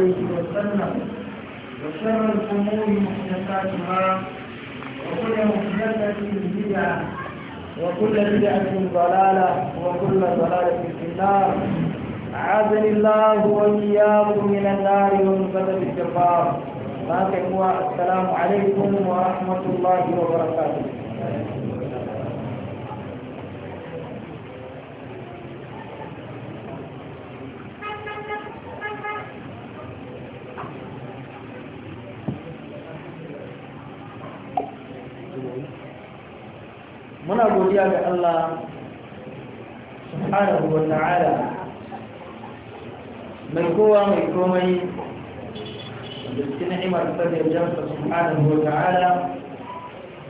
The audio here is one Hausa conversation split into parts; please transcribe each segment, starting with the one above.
عليه وسلم وشر الأمور محدثاتها وكل محدثة بدعة وكل بدعة ضلالة وكل ضلالة في النار أعاذني الله وإياكم من النار ومن فتن الكفار السلام عليكم ورحمة الله وبركاته godiya ga Allah subhanahu wa ta'ala mai kowa mai komai da cikin ni'imar sadar jansa subhanahu wa ta'ala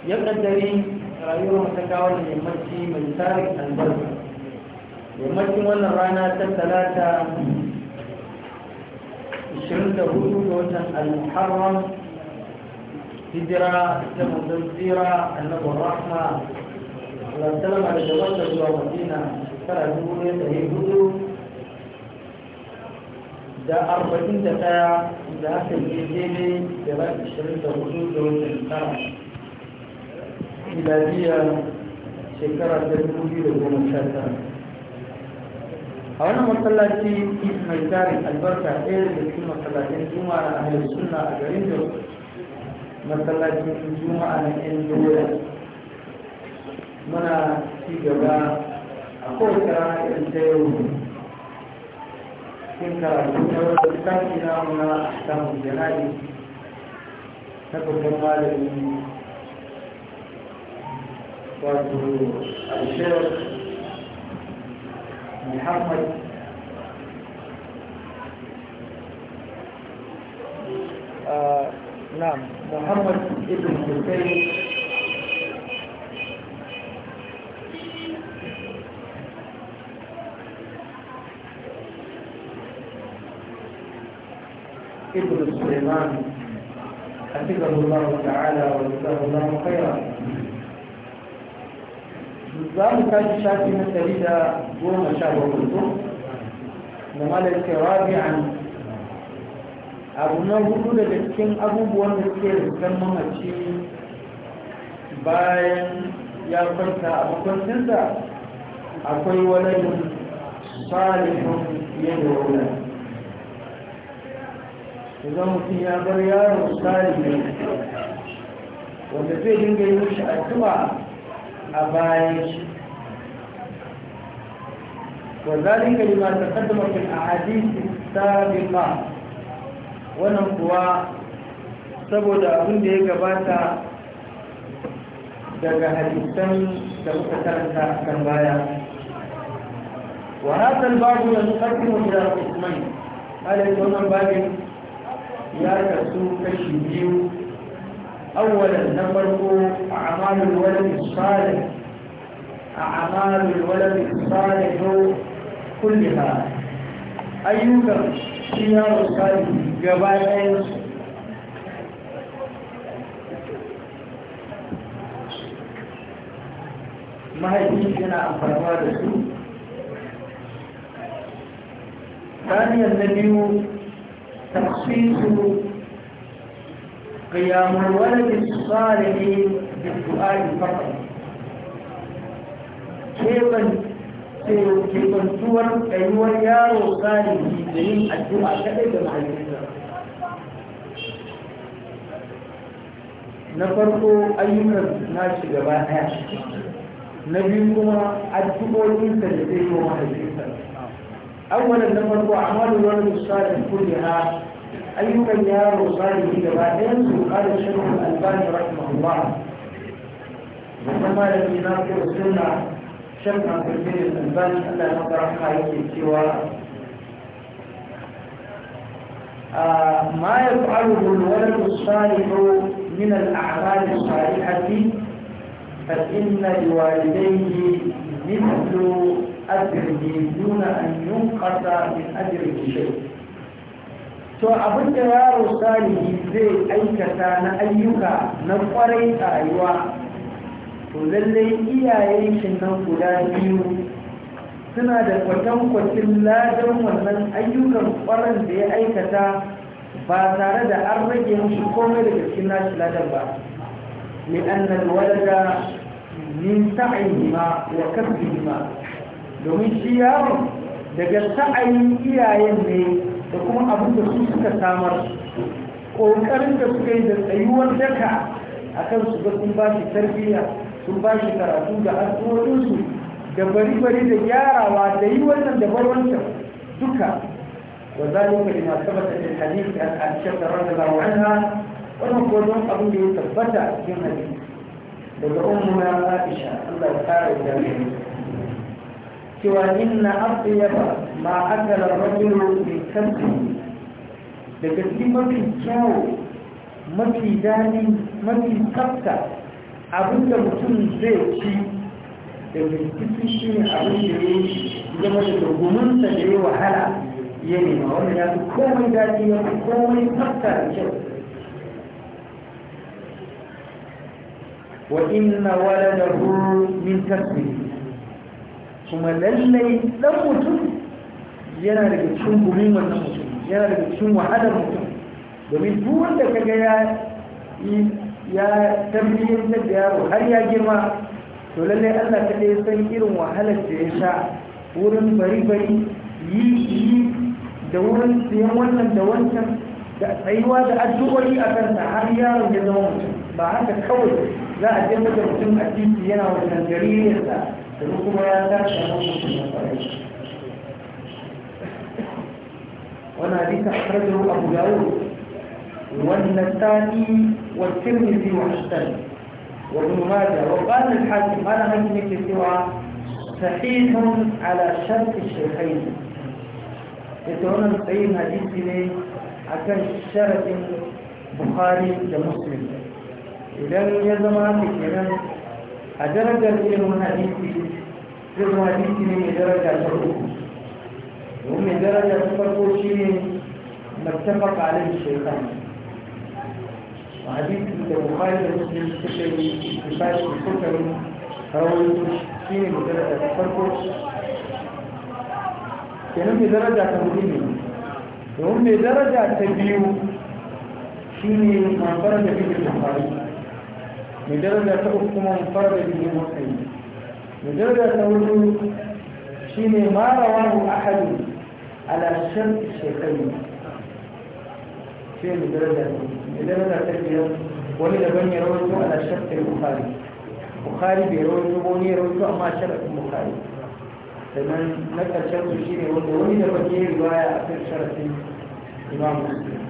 ya kaddari rayuwar ta kawo da yammaci mai tarik albarka yammacin wannan rana ta talata 24 ga watan al-muharram hijira ta manzon tsira annabar rahma wasallam a da zuwa madina shekara dubu ne da ya hudu da arba'in da ɗaya da aka yi daidai da ran ashirin da hudu da watan tara miladiyar shekara ta dubu biyu da goma sha tara a wannan masallaci mai tarin albarka ɗaya da cikin masallacin juma'a na ahalar suna a garin da masallacin juma'a na yan doya muna ci gaba a kowace rana irin ta yau cikin karatu na wata littafi na muna samun jana'i na babban malami wato alshir muhammad نعم ah, Muhammad Ibn الإمام حفظه الله تعالى وجزاه الله خيرا za tashi shafi na dari da goma sha bakwai ko da malar kirabi an abu na hudu daga cikin abubuwan da suke da mamaci bayan ya kwanta a makwancinsa akwai wani salihun yadda wula idan mutum ya bar yaro tsari ne wanda zai dinga yi a addu'a a bayan shi وذلك a a ta الاحاديث السابقه wannan kuwa saboda abin da ya gabata daga hadisan da muka karanta kan baya wa hadal babu da nufafin wajen usman ala babin يا كسو كشي بيو أولا نفرق أعمال الولد الصالح أعمال الولد الصالح كلها أيوكا سيار الصالح جبال أيوكا ما هي دي هنا أفرقها لسو ثانيا النبي تخصيص قيام الولد الصالح بالسؤال فقط كيف كيف الصور ايوه يا وصالح من الدعاء كذا مع نفرقوا أي من الناس جبانها نبي كما أدعوه إنسان لديه وما أدعوه أولا نمر أعمال الولد الصالح كلها أيها اليار الصالح جبائن قال الشيخ الألباني رحمه الله وكما لم ينافر السنة شيخ عبد الدين الألباني ألا نقرأ حيث سوى ما يفعله الولد الصالح من الأعمال الصالحة فإن لوالديه مثل ajrihi duna an yunqata min ajrihi shay to abin da yaro salihi zai aikata na ayyuka na kwarai a rayuwa to lallai iyayen shi nan guda biyu suna da kwatankwacin ladan wannan ayyukan kwaran da ya aikata ba tare da an rage musu komai daga cikin nashi ladan ba li'annal walada min ma wa kasbihima domin shi yaron daga sa'ayin iyayen ne da kuma abin da su suka samar ƙoƙarin da suka yi da tsayuwar daka a kan su ga sun ba shi tarbiyya sun ba shi karatu da arzikinsu da bari-bari da gyarawa da yi wannan da bar wancan duka wa zalika lima sabata a hadith an ranar da anha wannan ko abin da ya tabbata a cikin hadisi daga ummu aisha Allah ya kare da mu cewa inna afiyaba ma akala rajulu bi kanfi daga cikin mafi kyau mafi dadi mafi tsafta abinda mutum zai ci daga cikin shi ne abin da ya zama da dogominsa da ya wahala ya nema wanda ya fi komai dadi ya fi komai tsafta da kyau wa inna da min tasbih kuma lallai dan mutum yana daga cikin gumin wannan mutum yana daga cikin wahalar mutum domin duk wanda ka ga ya ya da yaro har ya girma to lallai Allah ta ɗaya san irin wahalar da ya sha wurin bari-bari yi yi da wurin siyan wannan da wancan da tsayuwa da addu'o'i a kansa har yaro ya zama mutum ba haka kawai za a je da mutum a titi yana wannan jaririyarsa وانا حديث احرده ابو داود وان الثاني في واحسن وابن ماجه وقال الحاكم انا هجمك سوى صحيح على شرط الشيخين يترون القيم حديث لي عكس شرط بخاري لمسلم لم يزمع في كلام a darajar ilimin hadisi zai hadisi ne mai daraja ta uku domin mai daraja ta farko shi ne martaba ƙalin shekaru a hadisi da bukari da muslim suka yi misali suka yi rawaito shi ne mai daraja ta farko kenan mai daraja ta hudu ne domin mai daraja ta biyu shi ne mambar da fiye bukari مجرد لدرجة أختم مفرد لمسلم مجرد أقول شين ما رواه أحد على شرط الشيخين شين لدرجة لدرجة تكبير ولد بني روجو على شرط البخاري بخاري بيروجو بني روجو أما شرط البخاري فمن لك شرط الشيخين ولد بني رواية أخر شرط إمام مسلم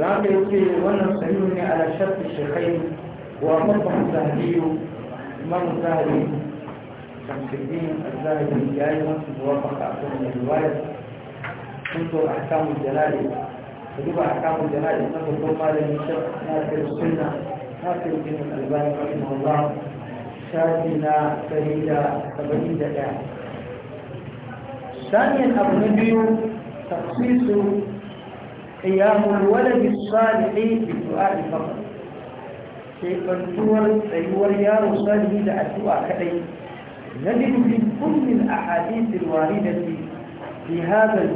رامي يقول وانا صحيح على شرط الشيخين وأصبح الذهبي إمام الذهبي شمس الدين الذهبي جائزة ووافق أكثر من الرواية كنت أحكام الجلال فدوب أحكام الجلال نقل ثم للشيخ ناصر السنة ناصر الدين الألباني رحمه الله شاذنا فريدة فريدة دقيقة ثانيا أبو نبي تخصيص قيام الولد الصالح بالدعاء فقط keɓantuwar tsayuwar yaro salihi da addu'a kaɗai na fi kullum a hadisin wari da fi fi hazar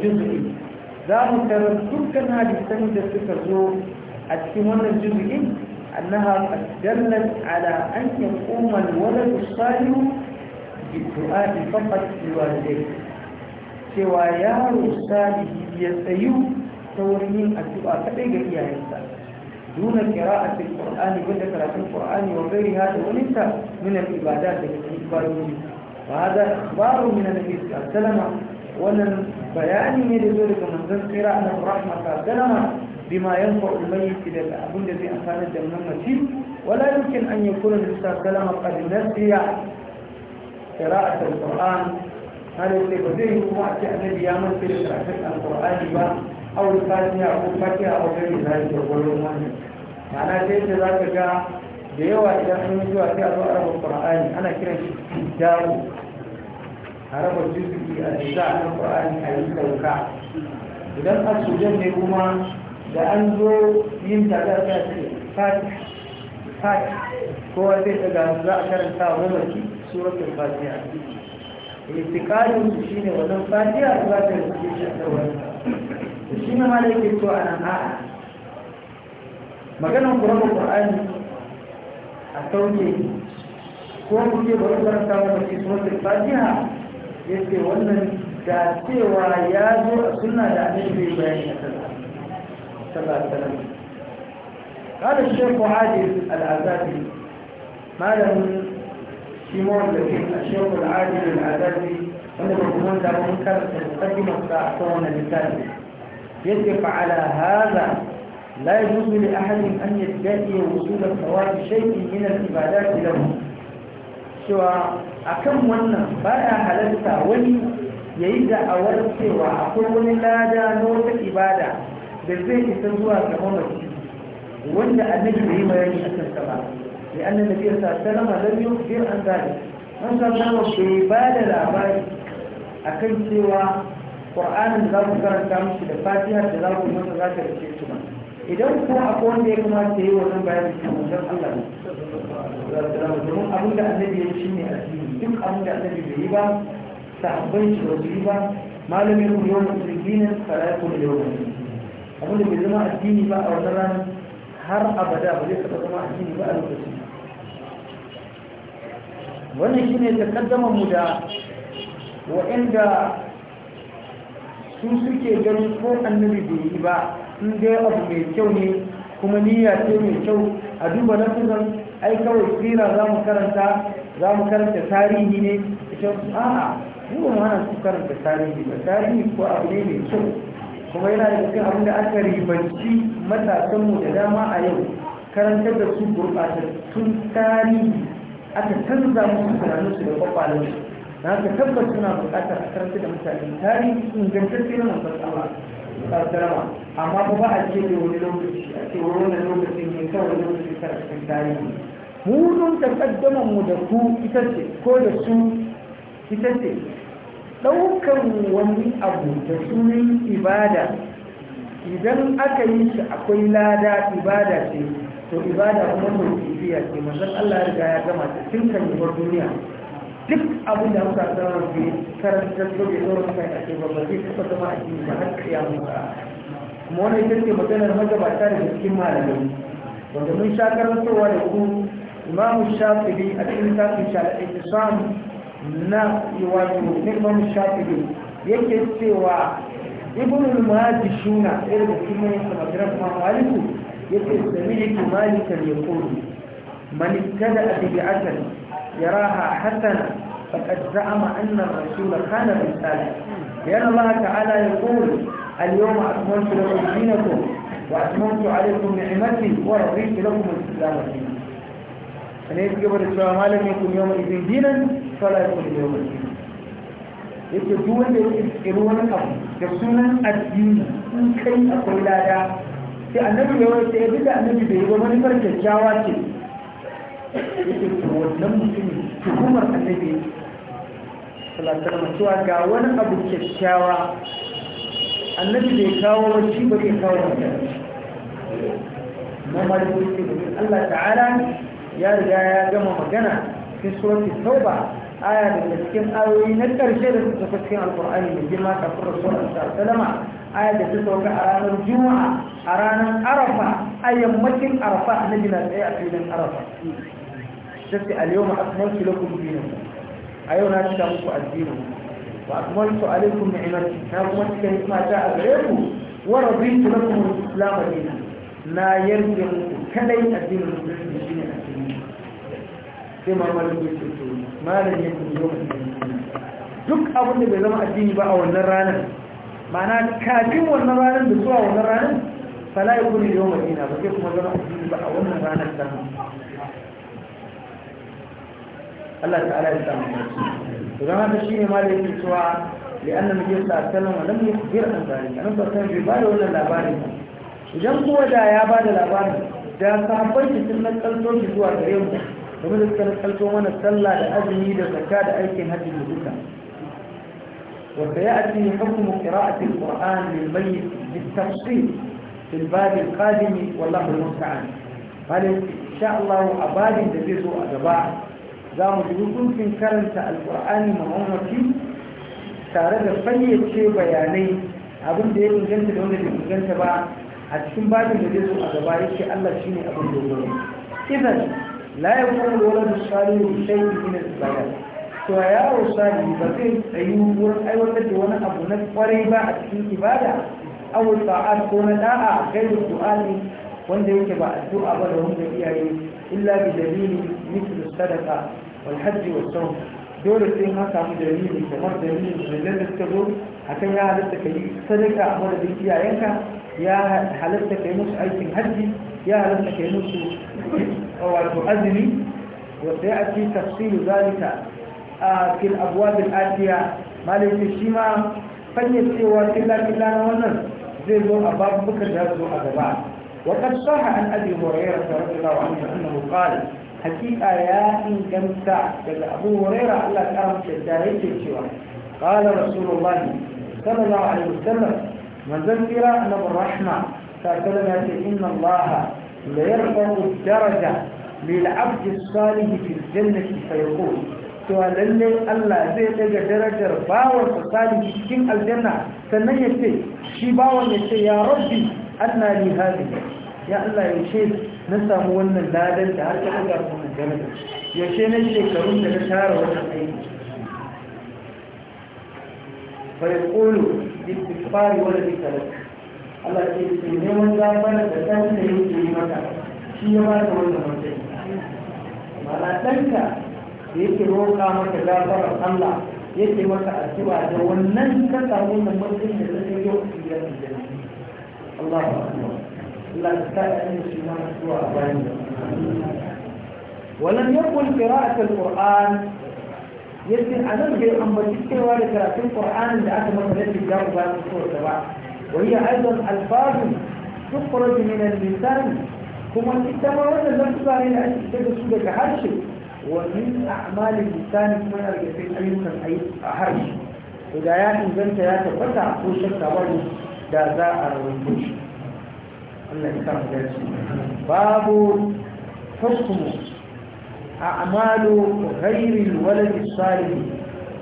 za mu tarar dukkan hadisan da suka zo a cikin wannan juzu'in annaha dallat ala an yaquma alwalad as sayu bi du'a'i faqat li walidayhi cewa yaro salihi ya tsayu ta wurin yin addu'a kaɗai ga iyayensa دون قراءة القرآن وذكرة القرآن وغيرها وليس من العبادات التي يقبلون وهذا إخبار من النبي صلى الله عليه وسلم ومن بيان من ذلك من ذكر أنه الرحمة صلى الله عليه وسلم بما ينفع الميت إلى أبن الذي أفادت الممتين ولا يمكن أن يكون النبي صلى الله عليه قد نسي قراءة القرآن هذا يقول لي بذيه هو أتي النبي يامن في awul fatiha ko a ko da za ke gwaro wani ma'ana sai ce za ka ga da yawa idan sun yi zuwa sai a zo araba qur'ani ana kiran shi dawo araba juz'i a a na qur'ani a yi sauka idan asujan ne kuma da an zo yin tada ta ce fati ko kowa zai daga za a karanta wa mamaki suratul fatiha istiqalin shine wannan fatiha za ta yi shi a to shi ne malai ke to anan a'a maganar kurama qur'ani a sauke ko kuke bari karanta wa shi suratul fatiha yace wannan da cewa ya zo a sunna da annabi bayani a sallallahu alaihi wasallam قال الشيخ عادل العزازي ما له شمول لكن الشيخ العادل العزازي أنه يقول له منكر تقدم الساعة الثانية يجب على هذا لا يجوز لأحد أن يدعي وصول الثواب شيء من العبادات له سوى أكم ونا بايا حلالتا ولي يجد أول سوى أقول لا دا نور الإبادة بالذات تنزوها كمونة ولا النجم هي ما يجي أكثر لأن النبي صلى الله عليه وسلم لم يخبر عن ذلك من صلى الله عليه وسلم بيبادة العبادة أكم سوى ƙwa'anin da za ku karanta musu da fatiha da za ku masa za ta rike shi ba idan ko akwai wanda ya kamata ya yi wannan bayanin su mutum Allah ne domin abin da annabi ya shi ne addini duk abin da annabi bai yi ba sahabbai shi ba su yi ba malamin mu yau mutum dinin karatu da yau abin da bai zama addini ba a wannan ran har abada ba zai taɓa zama addini ba a lokacin wannan shine takaddama mu da wa'anda su suke gani ko annabi bai yi ba in dai abu mai kyau ne kuma niyya ce mai kyau a duba na tunan ai kawai tsira za mu karanta za mu karanta tarihi ne ita a'a mu ba hana su karanta tarihi ba tarihi ko abu ne mai kyau kuma yana da cikin abin da aka ribanci matasanmu da dama a yau karantar da su gurɓatattun tarihi aka canza musu tunaninsu da kwakwalensu na ka tabbas suna buƙatar a karanta da mutane tarihi ingantacce na manzon Allah sarama amma ba ba a ce da wani lokaci a ce wani lokacin ne kawai lokacin karatun tarihi mu ta takaddaman mu da ku ita ce ko da su ita ce ɗaukan wani abu da sunan ibada idan aka yi shi akwai lada ibada ce to ibada kuma mai tafiya ce manzon Allah ya riga ya gama ta tun kan yi duniya duk abin da muka zama ke karanta so bai zama kai a ce babban zai kusa zama a cikin da haka ya muka kuma wani ita ce maganar magabata da cikin malamai wanda mun sha karantarwa da ku imamu shafiri a cikin da shalaɗin samu na wato imam shafiri yake cewa ibn majishuna ɗaya daga cikin manyan samakiran kuma maliku yake sami yake malikan ya kodi man kada a bi'atan يراها حسنة فقد زعم أن الرسول كان رسالا لأن الله تعالى يقول اليوم أكملت لكم دينكم وأتممت عليكم نعمتي ورضيت لكم الإسلام دينا فليس قبل السلام ما لم يكن الدين دينا فلا يكون اليوم الدين yake duk wanda ya يقول wani abu da sunan addini in kai akwai lada sai annabi يقول wani sai ya bi da annabi bai yi ba manufar kyakkyawa ce wannan mutumin tuhumar annabi salatar mutuwa ga wani abu kyakkyawa annabi bai kawo wani shi ba zai kawo wani na malibin ce domin allah ta'ala ya riga ya gama magana cikin surati tauba aya da cikin ayoyi na ƙarshe da suka fi cikin alƙur'ani da girma kafin rasulun sallama aya da suka wuka a ranar juma'a a ranar arafa a yammacin arafa na jina tsaye a filin arafa tafi al-yawma akmaltu lakum dinakum a yau na cika muku addinin wa akmaltu alaykum ni'mati na kuma cika kuma ta a gare ku wa raditu lakum al-islam dinan na yarda muku kadai addinin musulunci shine addini sai mamar ku ce to malam yakum yawma duk abin da bai zama addini ba a wannan ranar ma'ana kafin wannan ranar da zuwa wannan ranar fala kuma yawma dinan ba sai kuma zama addini ba a wannan ranar ta Allah ta'ala ya samu to don haka shine ma da yake cewa li anna a sallallahu alaihi lam yukhbir an zalika annabi sallallahu alaihi wasallam bai wannan labarin idan kuwa da ya ba da labarin da sahabbai ki sun nakalto shi zuwa gare mu domin da suka nakalto mana sallah da azumi da zakka da aikin hajji da duka وسيأتي حكم قراءة القرآن للميت بالتفصيل في الباب القادم والله المستعان قال إن شاء الله أباد الدبيز أجباء za mu ji hukuncin karanta alkur'ani mahimmanci tare da fayyace bayanai abin da ya inganta da wanda bai inganta ba a cikin babin da zai zo a gaba yake Allah ne abin ya idan la yakunu walad salihu shay'in min al-bayan to yaro salihu ba zai tsayi wurin aiwatar da wani abu na kwarai ba a cikin ibada aw ta'at ko na da'a gairu du'ani wanda yake ba addu'a ba da wanda iyaye illa bi dalili mithlu sadaqa wal hajj was sawm dole sai ka samu dalili kamar dalilin dalilan da suka zo akan ya halatta ka yi sadaka a madadin iyayenka ya halatta ka yi musu aikin hajji ya halatta ka yi musu wato azumi wanda ya ake tafsiru zalika a fil abwabil atiya malaikai shi ma fayyacewa killa na wannan zai zo a babu bukar a gaba وقد صح عن أبي هريرة رضي الله عنه أنه قال حقيقة يا إن كمسا أبو هريرة الله كرم شدائك الشوى قال رسول الله صلى الله عليه وسلم من ذكر أن الرحمة فكلمة إن الله ليرفع الدرجة للعبد الصالح في الجنة فيقول cewa lalle Allah zai daga darajar bawarsa salihi cikin aljanna sannan ya ce shi bawan ya ce ya rabbi anna li hadi ya Allah yaushe na samu wannan ladan da har ta ga wannan ya yaushe ne shekarun da na tara wannan aiki fa yaqulu istighfar wa dhikr Allah ya ce neman bana da kan da yake yi maka shi ya ba ka wannan matsayi mala danka da yake roƙa maka gafarar Allah yake maka addu'a da wannan ka samu wannan matsayin da kake yau a cikin الله أكبر لا تستأذن الشيطان سوء ولم يقل قراءة القرآن يمكن أن غير أن بجد في القرآن لأكثر من ذلك الجواب عن الصورة وهي أيضا ألفاظ تخرج من اللسان كما تتبع ولا لم تبعي لأن تجد سودة كهرش ومن أعمال اللسان كما يرجع في أيضا أي هرش إذا يأتي بنت يا تبتع كل وشك تبعي da za a rawaito shi Allah ya samu dace babu hukmu a'malu ghairi alwalad as-salih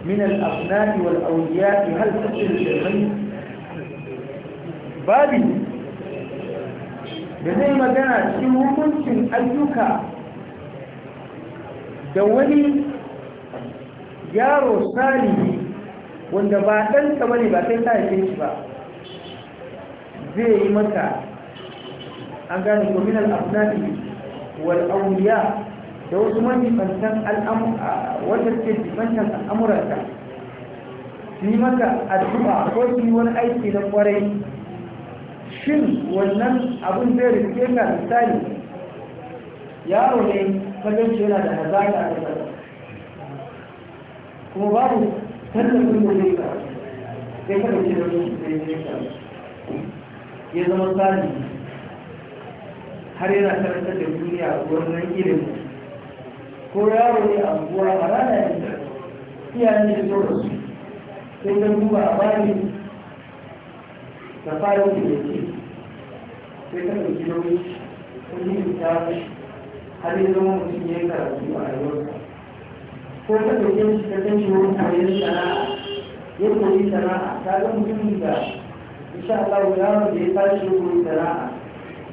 min al-abnai wal awliya hal tusil al-ghayb Babu da zai magana cikin hukuncin ayyuka da wani yaro salihi wanda ba ɗanka bane ba sai ta yake shi ba zai yi maka an gani domin al'abnadi wal auliya da wasu manifantan al'amura wanda al'amuranka su yi maka addu'a ko su yi wani aiki na kwarai shin wannan abin zai rike ka misali yaro ne kaganci yana da hazaka da kuma babu tallafin da zai ka sai kada ke da zai ka ya zama tsari har yana karanta da duniya a wannan irin ko yaro ne a buwa a rana ya ta iyayen da zo da su sai da duba a bani da fara da ya sai ka ɗauki nauyi kun yi ta har yi zama mutum ya yi karatu a rayuwarsa ko ka ɗauke shi ka kan shi wani kayan sana'a ya koyi sana'a ta ga mutumin da insha Allah yaro da ya tashi rubutu sana'a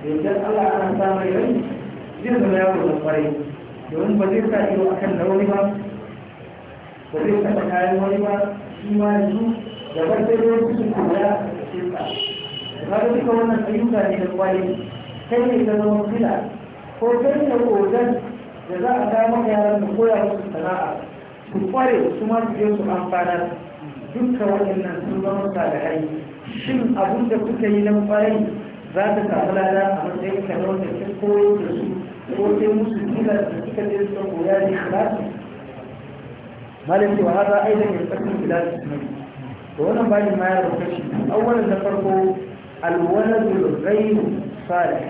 da idan Allah ana sa mai rai zai zama yaro da kwarai domin ba zai sa ido akan na wani ba ba zai taɓa kayan wani ba shi ma yanzu da ba sai dai su kula a cikin sa ka ga duka wannan ayyuka ne da kwarai kai ne ka zama fila ko kai ne kogan da za a kawo maka yaran da koya musu sana'a su kware su ma su je su amfanar dukkan waɗannan sun zama sa da aiki shin abin da kuka yi na kwarai za ta samu lada a matsayin kamar da ke koyo da su ko sai musu kila da suka je suka koya ne kilasi malam cewa haza aidan ya tsakkin kilasi da wannan bayan ma ya rufe shi awwalan na farko alwaladul ghayru salih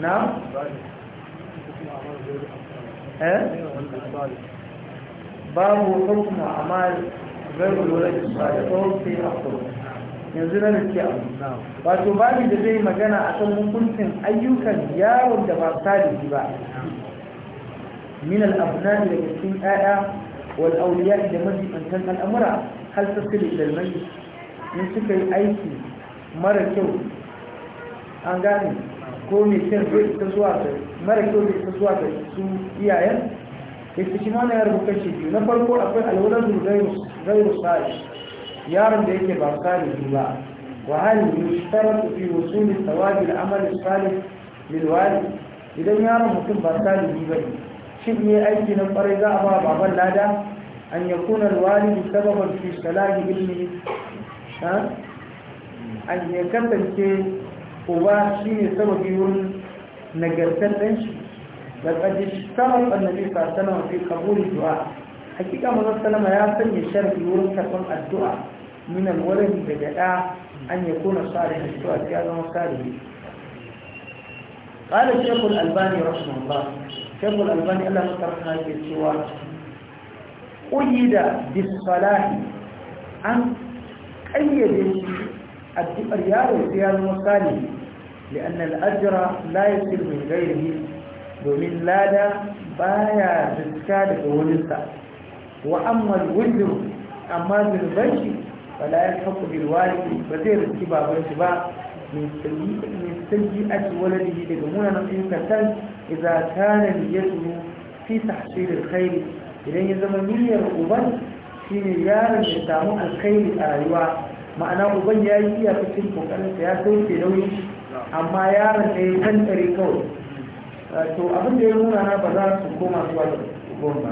na eh babu hukmu amal gairu lura ba da tsawon sai hakuri yanzu na rike abu wato babu da zai magana a kan hukuncin ayyukan yawon da ba salihi ba min ne daga cikin ƴaƴa wal auliya da majibantan al'amura hal tasiri da mai in suka yi aiki mara kyau an gane ko mai kyan zai ta zuwa ga mara kyau zai ta zuwa ga su iyayen الاستشهاد يا رب كشيء نفر كور أبدا الأولى من غير غير يا رب ديك بعثان ان وهل يشترط في وصول الثواب العمل الصالح للوالد إذا يا رب ممكن بعثان الجبل شيء أي جن فرجاء باب أبل أن يكون الوالد سببا في سلاج ابنه ها أن يكتب كي هو شيء سبب يقول نجرت الأنشطة بل قد اشترط النبي صلى الله عليه وسلم في قبول الدعاء حقيقة صلى الله يا وسلم يشرف يورك الدعاء من الولد بدعاء أن يكون صالح الدعاء في هذا صالح قال الشيخ الألباني رحمه الله الشيخ الألباني الله ترك هذه السوار قيد بالصلاة أن قيد الدعاء في هذا صالح لأن الأجر لا يصل من غيره domin lada baya zuka daga wurinsa wa ammal wujur amma zunuban shi wala ya haku bilwari ba zai riski baban shi ba min sirri a ci waladihi daga na ayyukan san idan kana niyyatu fi tahsil alkhair idan ya zama niyyar uban shine yaron ya samu alkhairi a rayuwa ma'ana uban ya yi iya cikin kokarin ya sauke nauyin amma yaron da ya tantare kawai to abin da ya nuna na ba za su koma zuwa da gom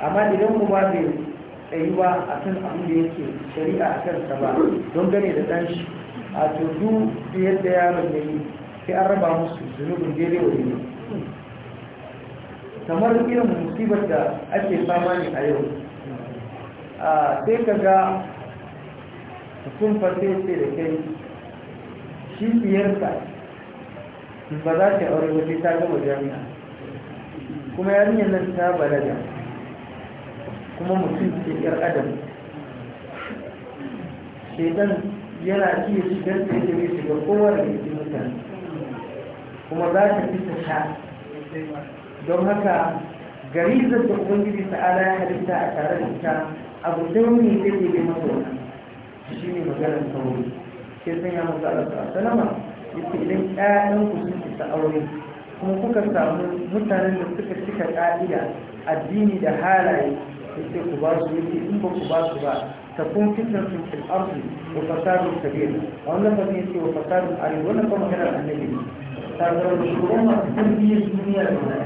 amma idan kuma bai ba a kan abin da yake shari'a a kan ba don gane da dan shi a to duk yadda yaron ya yi sai an raba musu zunubin daidai wa yi kamar irin musibar da ake fama ne a yau sai ka ga sun farfe sai da kai shi biyarsa ba za ta aure waje ta gama jami'a kuma yarinyar nan ta balaga kuma mutum ce yar adam shaitan yana iya shigar da ke mai shiga kowa da yake mutane kuma za ta fi ta sha don haka gari da ubangiji ala ya halitta a tare da ta abu da ne ke bai masa wani shi ne maganar sauri sai sanya masu alaƙa salama cikin ɗayan ƴaƴanku su ta aure kuma kuka samu mutanen da suka cika ƙa'ida addini da halaye ce ku ba su yake in ba ku ba su ba ta kun fitar sun fil arzu wa fasadun kabir a wannan fasi yake wa fasadun ari wannan kuma maganar annabi ne sakarar shugaban masu tarbiyyar duniya da wani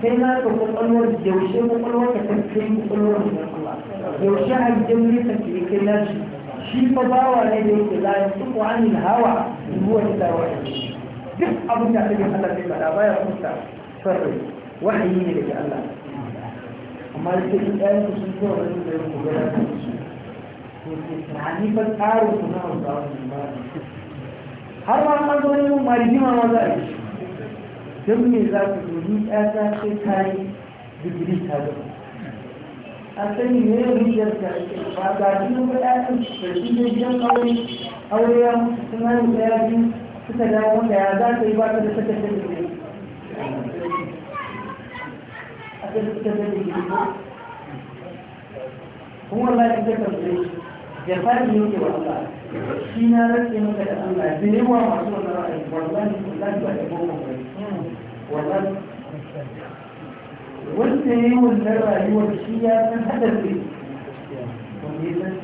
kai na ka kwakwalwar yaushe kwakwalwar ka ta kai kwakwalwar da yaushe a gidan nesa ke kai shi. shi fa bawa ne da yake la yusufu anil hawa in huwa illa wahyi duk abin da take Allah zai faɗa baya kusa sarri wahayi ne daga Allah amma duk da ɗayan ku sun zo wani da ku ga da su to ke tsani fa tsaro ku na wanda wannan ba har ma an zo ne mun marijima ma za a yi dan me za ku zo ni ɗaya ta sai ta yi digiri ta gaba an sani ne ya rijiyar da ba ga shi ba ɗakin da shi ne aure aure ya sun da ɗaya suka dawo wanda ya za ta yi ba ta da saka ta digiri a ta saka ta kuma ta ya fara ne yake wa shi na rage maka da Allah da yawa masu wannan ra'ayi wallahi wallahi ba da boko ba wanda ya yi wannan rayuwar shi ya san haɗarfe wanda ya san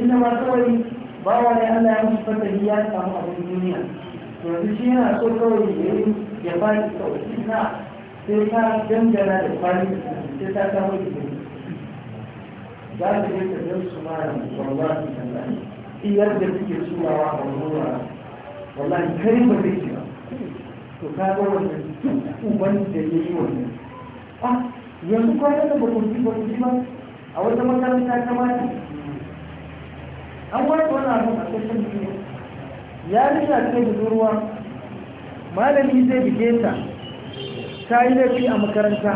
inda ba kawai bawa ne Allah ya musu fatari ya samu abin duniya yanzu shi yana so kawai ya yi ya ba shi kawai shi na sai ta dangana da kwari sai ta kama da gani za ta yi ta zan su mara wallahi tallahi iyar da suke surawa a wurwa wallahi kai ba zai ci ba to ka ga wannan uban da ya yi wannan yanzu kwanan da bakunci bakunci ba a wata makaranta ta mata an wata wani abin a social ya rika ce budurwa malami zai bige ta ta yi laifi a makaranta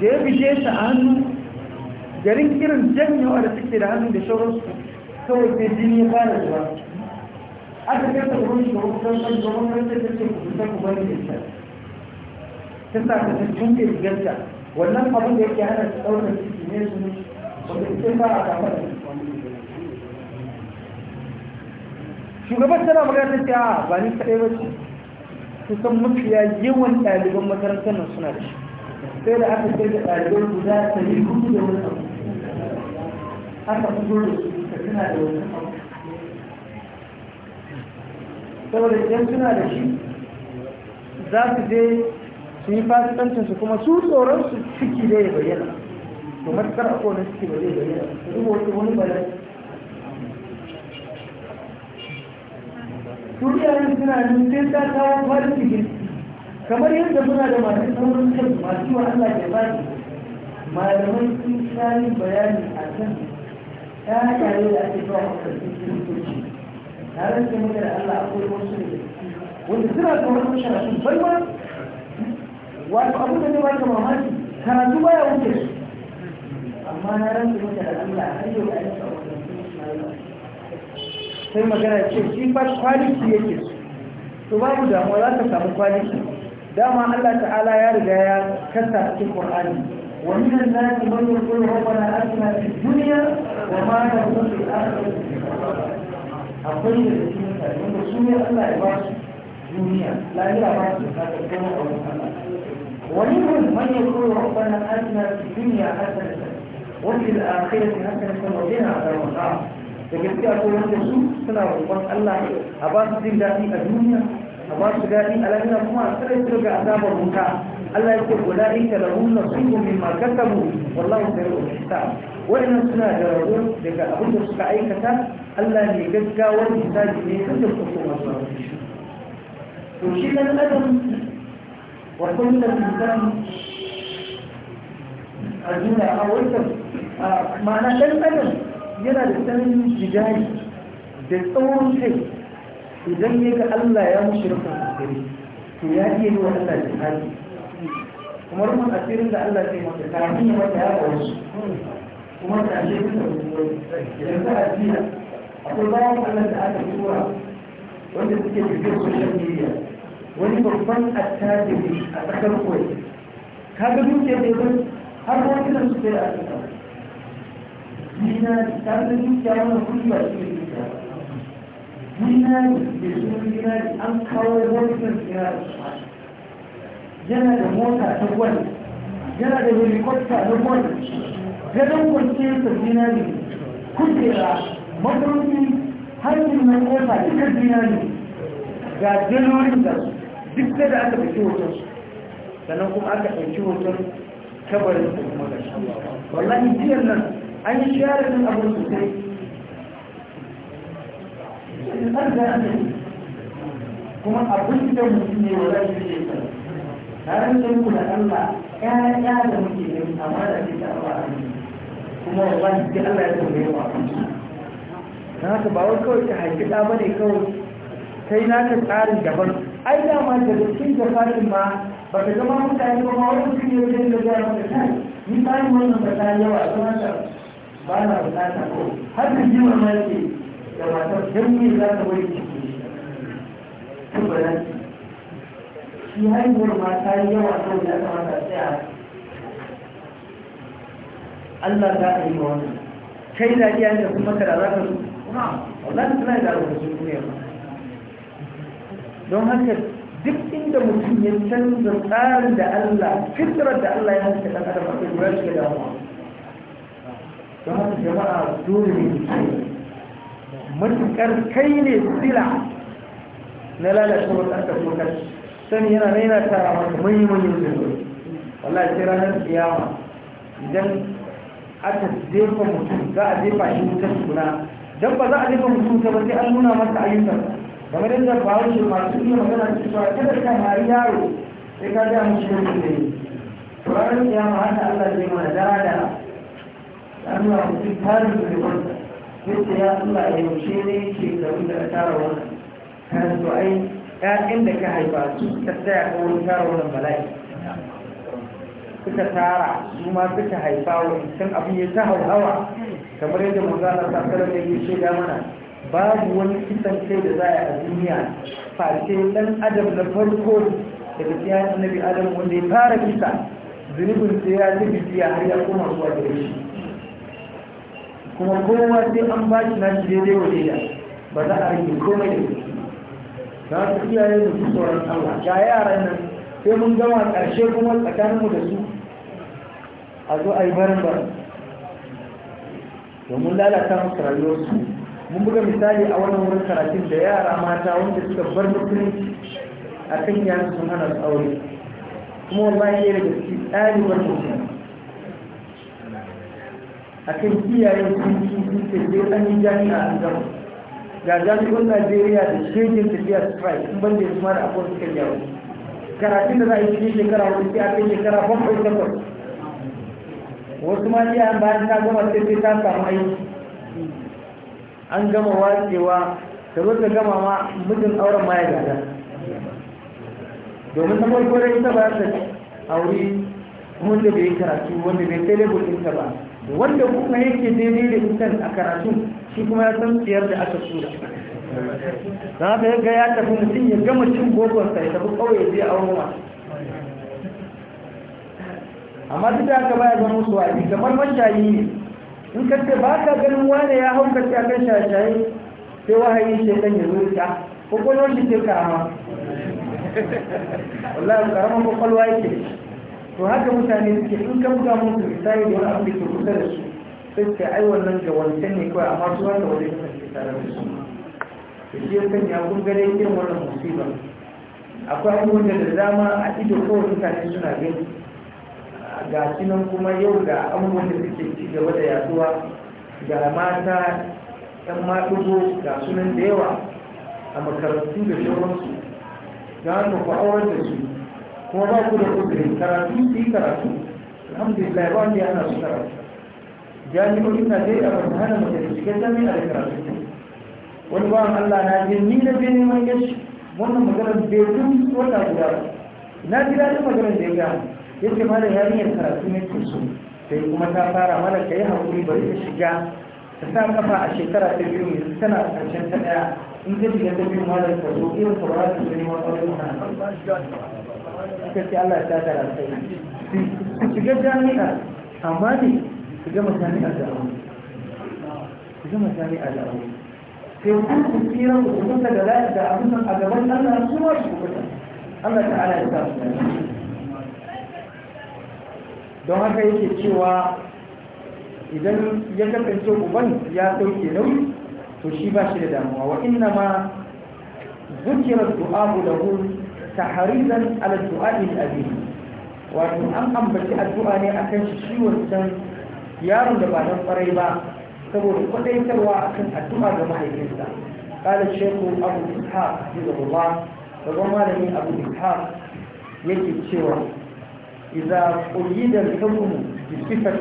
da ya bige ta a hannu garin irin janyewa da suke da hannu da shauransu kawai sai jini ya fara zuwa aka kai ta wurin shugaban kan shugaban kan ta ce ku ta ku da ita ta sa ta tun da rigarta wannan abin da yake hana su ɗaukar ciki ne su wanda ita ba a kamar shugaban tana magana ta a ba ni kaɗai ba ce ya mafiya yawan ɗaliban makarantar nan suna da shi sai da aka sai da ɗaliban guda ta yi hudu da wani abu aka fito da su ka suna da wani abu saboda idan suna da shi za su je sun yi fasikancin kuma su tsoron su ciki da ya bayyana to matakar akwai na ciki da ya bayyana su wani wani bayan turiyayen suna yin sai ta kawo farin cikin kamar yadda muna da masu saurin kai masu wa Allah ke bani malamai sun shari bayani a kan ta yare da ake zuwa makarantun kiristoci tare da mutane Allah akwai wasu ne wanda suna kamar sun shara sun bai wato abin da zai baka mamaki karatu baya wuce su amma na rantsu maka da Allah har yau da yasa sai magana ce shi fa kwaliti yake su to babu damuwa za ka samu kwaliti dama Allah ta'ala ya riga ya kasa cikin Qur'ani wa min an-nasi man yaqulu rabbana atina fid dunya wa ma lahu fil akhirati akwai da cikin mutane wanda su ne Allah ya ba su duniya lahira ba su da kuma Allah ومنهم من يقول ربنا اتنا في الدنيا حسنة وفي الآخرة حسنة وبنا على المقام لكن في أقول أنت سوف سنة ربنا الله أباس دين داتي الدنيا أباس داتي ألاقينا كما أسرت لك أعذاب المتاع الله يقول أولئك لهم نصيب مما كتبوا والله سيء الحساب وإن سنة جرادون لك أقول لك أي كتاب الله يجدك والحساب من كل الخصوم الله وشيئا أدم وكل إنسان أجل أولكم معنى كان أدم yana da sanin jigari da tsawon kai idan ya ga Allah ya mushi rufin asiri to ya iya yi wa Allah da hali kuma rufin asirin da Allah zai mata kafin ya mata ya kawo shi kuma ta ce duka yanzu a jiya akwai bayan Allah da aka tura wanda suke tafiya social media wani babban attajiri a tsakar koyi ka ga dukiyar da ya har wani nan su kai a cikin zinari ta ga dukiya wani kudi ba shi ne dinari da shi dinari an kawo wani nan dinari yana da mota ta gwal yana da helikwata na gwal gadon kwanciyar sa dinari kujera makarfi har yi mai kota duka dinari ga dalolin da su duk da aka ɗauki hoton su sannan kuma aka ɗauki hoton kabarin su kuma gashi wallahi jiyan nan an yi shiyarar nan abin sosai kuma abin da mutum ne wa zai yi sai tare da mu da Allah ƴaƴa da muke yi amma da ke da ba kuma wallahi sai Allah ya tambaye mu akan na haka ba wai kawai ta haifi ɗa ba ne kawai kai naka tsarin daban ai da ma da cikin da fatin ma ba ka zama mutane ba ma wani mutum ya wajen da zai maka kai ni ba ni wannan ba ta yawa a zaman da ba na bukata ko har da jiwa ma ke da matar don me za ta wani ciki to ba za ki shi haihuwar ma ta yi yawa ko ya kamata a tsaya Allah za a yi ma wannan kai da iyayen da kuma kada za ka zo wallahi suna da alwajin duniya ba don haka duk inda mutum ya canza tsarin da Allah fitrar da Allah ya hanta ɗan adam a kai guda shi da damuwa don haka jama'a dole ne matuƙar kai ne sila na lalata wata aka kuma sani yana raina tara masa manyan zai wallahi sai ranar kiyama idan aka jefa mutum za a jefa shi wutar suna don ba za a jefa mutum ta ba sai an nuna masa ayyukansa kamar yadda ba wani shi masu iya magana cewa ta ka hari yaro sai ka ja mushi yau ne turarin ya ma haka Allah zai mana dada an nuna mutum tarin da wanda yadda ya Allah ya yaushe ne ke da wanda ka tara wannan kan su ai ƴaƴan da ka haifa su ka tsaya ko wani tara wannan bala'i suka tara su ma suka haifa wani wa abin ya ta hauhawa kamar yadda manzo Allah sallallahu alaihi wasallam ya ce da mana babu wani kisan kai da za a yi a duniya face dan adam na farko daga cikin annabi adam wanda ya fara kisa zunubin sai ya zubi bibiya har ya koma zuwa gare shi kuma kowa sai an ba shi na shi daidai wa daidai ba za a rage komai da su. za su iyaye da su tsoron Allah ga yaran nan sai mun gama ƙarshe kuma tsakaninmu da su a zo a yi barin barin domin lalata musu rayuwarsu mun buga misali a wannan wurin karatun da yara mata wanda suka bar mutunci a kan yana sun hana su aure kuma wallahi ne su tsari wani mutum a kan kiyaye sun ci sun ce zai an yi jami'a an gama ga jami'an najeriya da shirin tafiya strike sun banje su mara da abuwa suka yawo karatun da za a yi shi shekara wani sai a kan shekara bakwai takwas wasu ma iyayen bayan ta gama sai sai ta samu aiki an gama wacewa da zo ta gama ma mijin auren ma ya gada domin ta farko da ita ba ta aure wanda bai karatu wanda bai sai lebur ɗinta ba wanda kuma yake daidai da ita a karatu shi kuma ya san tsayar da aka tura za ta yaga ya tafi mutum ya gama cin gogonsa ya tafi kawai zai auren ma amma duk da aka baya zama musu wa'adi kamar mashayi ne in ka ce ba ka ganin wane ya haukace a kan shashayi sai wahayi ce kan yi zuciya kwakwalwar shi ce karama wallahi karama kwakwalwa yake to haka mutane suke in ka buga musu misali da wani abu ke kusa da su sai ce ai wannan ga wancan ne kawai amma su wanda wani kasance tare da su da shi yakan ya kun gane irin wannan musiba akwai abubuwan da dama a ido kowace mutane suna gani ga nan kuma yau da abubuwan da suke ci gaba da yasuwa ga mata yan maɗugo ga sunan da yawa a makarantu da shawararsu ga hannu fa'awar da su kuma ba ku da kudurin karatu su yi karatu alhamdulillah ba wanda ana su karatu jami'o'in na dai a wata hana da cikin a da karatu wani bawan allah na je ni na je neman yashi wannan maganar bai tun wata guda na ji daɗin maganar da ya gaya yake ya yarinyar karatu ne ke so sai kuma ta fara mana ka yi haƙuri bari ta shiga ta sa kafa a shekara ta biyu yanzu tana ƙarshen ta ɗaya in ta shiga ta biyu mara ka zo irin ka ta gani wata wani mana suka Allah Allah ta tara sai su shiga jami'a amma ne su gama jami'a da aure su gama jami'a da aure sai ku tsira ku kuta da layar da abin a gaban Allah su ma shi kuta Allah ta'ala ya ta su don haka yake cewa idan ya kasance uban ya dauke nauyi to shi ba shi da damuwa wa inna ma da du'a'u ta harizan ala ne al biyu wato an ambaci addu'a ne akan shi shi wancan yaron da ba don farai ba saboda kwadaitarwa akan addu'a ga mahaifinsa قال الشيخ أبو إسحاق حفظه الله da ne abu إسحاق yake cewa. إذا قيد الحكم بصفة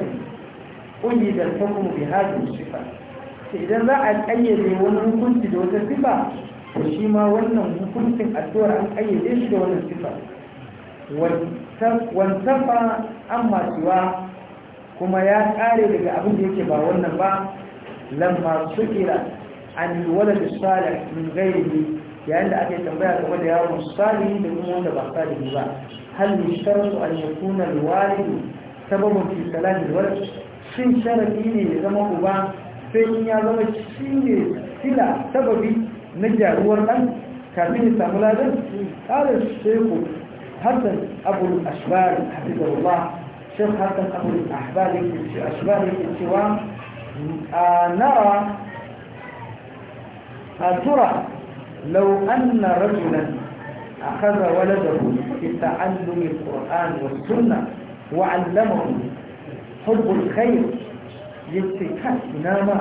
قيد الحكم بهذه الصفة إذا لا أتأيد وأن كنت دون الصفة وشيما وأن كنت الدور أن أيد إيش دون الصفة وانتفى أما سواه kuma ya kare daga abinda da yake ba wannan ba lamma sukira an walad salih min ghairihi yayin da ake tambaya game da yaro salih da kuma wanda ba salih ba هل يشترط أن يكون الوالد سبب في سلام الولد شن شرطيني لما أبا فإن يظهر شن سلا سببي نجا الوردا كابين سملادا قال الشيخ حسن أبو الأشبال حفظه الله شيخ حسن أبو الأحبال أشبال الانتواء آه، نرى آه، ترى لو أن رجلا أخذ ولده بتعلم القرآن والسنة وعلمه حب الخير يتكات ناما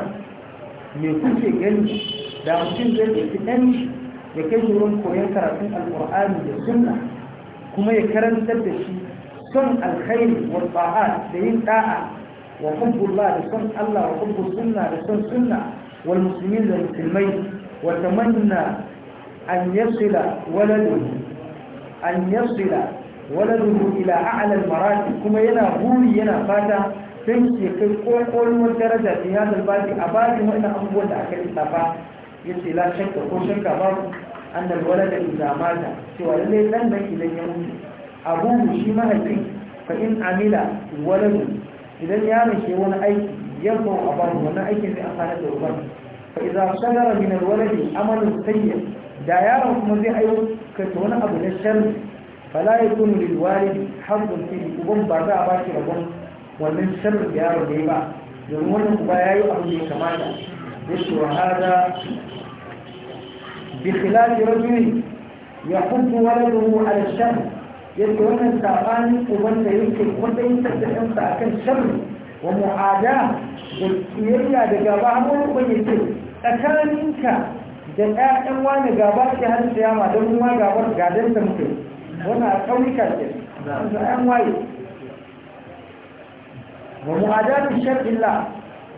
mai kuke gani da mutum zai ɗauki ɗan ya kai wurin koyon karatun alƙur'ani da suna kuma ya karantar da shi son alkhairi wa da yin da'a wa hubbullah da son Allah wa hubbu sunna da son sunna wal muslimin da musulmai wata tamanna أن يصل ولده أن يصل ولده إلى أعلى المراتب كما ينا بولي ينا فاتا تمشي في قول قول والدرجة في هذا البادي أبادي وإن أبوه لأكل الصفا يصل لا شك وقول شك أبوه أن الولد إذا مات سوى اللي لن إلى يوم أبوه شيما هدري فإن عمل ولده إذا يعمل شيء وانا أي يرفع أبوه وانا أي كذي أخانته أبوه فإذا صدر من الولد عمل سيء da yaron kuma zai aikata wani abu na sharri fala ya kunu lil walid haqqun fi uban ba za a ba shi rabon wannan sharri da yaron da ya ba domin wannan uba yayi abu da ya kamata yace wa hada bi khilal rajuli yahuddu waladuhu ala sharri yace wannan sabani uban da yake kudin tsadan sa akan sharri wa mu'ada da kiyayya da gaba mu uban yake tsakaninka da ɗan wani gaba ce har kiyama don kuma gabar gadon ta muke wannan a ƙaunika ce da ɗan waye wa mu'adatu shar'illah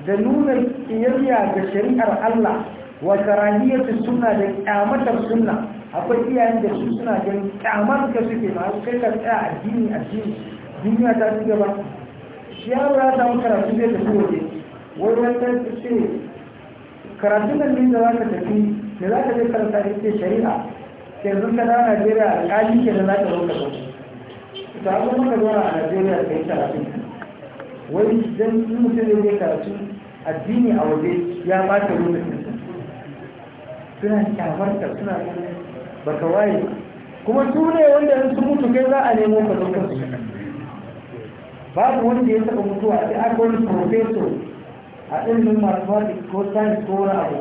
da nuna kiyayya ga shari'ar Allah wa karahiyatu sunna da kyamatar sunna akwai iyayen da su suna da kyamar ka suke ba su kai ka tsaya a a addini duniya ta ci gaba shi yaro ya samu karatu zai tafi waje wani wata ce karatun nan ne da za ka tafi da za ka je karanta ita shari'a ke zan ka dawo najeriya alƙali ke da za ka zo ka zo ta abu maka zuwa a najeriya ka yi karatu wai dan mutum zai karatu addini a waje ya ba ɓata lokacin suna kyamarta suna ganin baka waye kuma su ne wanda in su mutu kai za a nemo ka zo su babu wanda ya taɓa mutuwa sai aka wani professor a ilimin mathematics ko science ko wani abu